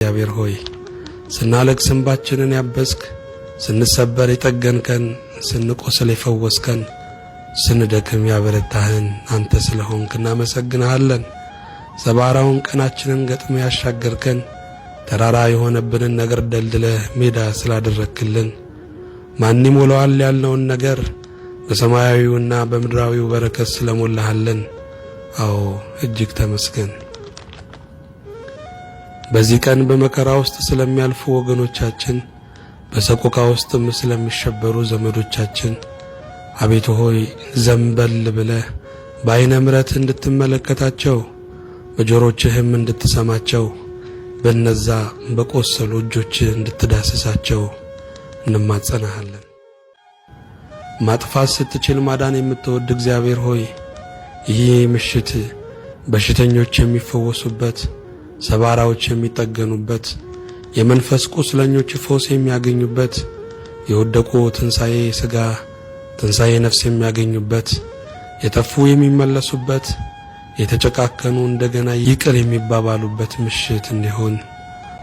እግዚአብሔር ሆይ ስናለክ ስንባችንን ያበስክ ስንሰበር የጠገንከን ስንቆስል የፈወስከን ስንደክም ያበረታህን አንተ ስለሆንክ እናመሰግንሃለን። ሰባራውን ቀናችንን ገጥሞ ያሻገርከን ተራራ የሆነብንን ነገር ደልድለ ሜዳ ስላደረክልን ማን ይሞላዋል ያልነውን ነገር በሰማያዊውና በምድራዊው በረከት ስለሞላሃለን፣ አዎ እጅግ ተመስገን። በዚህ ቀን በመከራ ውስጥ ስለሚያልፉ ወገኖቻችን፣ በሰቆቃ ውስጥም ስለሚሸበሩ ዘመዶቻችን አቤቱ ሆይ ዘንበል ብለ በአይነ ምረት እንድትመለከታቸው በጆሮችህም እንድትሰማቸው በነዛ በቆሰሉ እጆች እንድትዳስሳቸው እንማጸናሃለን። ማጥፋት ስትችል ማዳን የምትወድ እግዚአብሔር ሆይ ይህ ምሽት በሽተኞች የሚፈወሱበት ሰባራዎች የሚጠገኑበት፣ የመንፈስ ቁስለኞች ፎስ የሚያገኙበት፣ የወደቁ ትንሣኤ ሥጋ ትንሣኤ ነፍስ የሚያገኙበት፣ የጠፉ የሚመለሱበት፣ የተጨቃከኑ እንደገና ይቅር የሚባባሉበት ምሽት እንዲሆን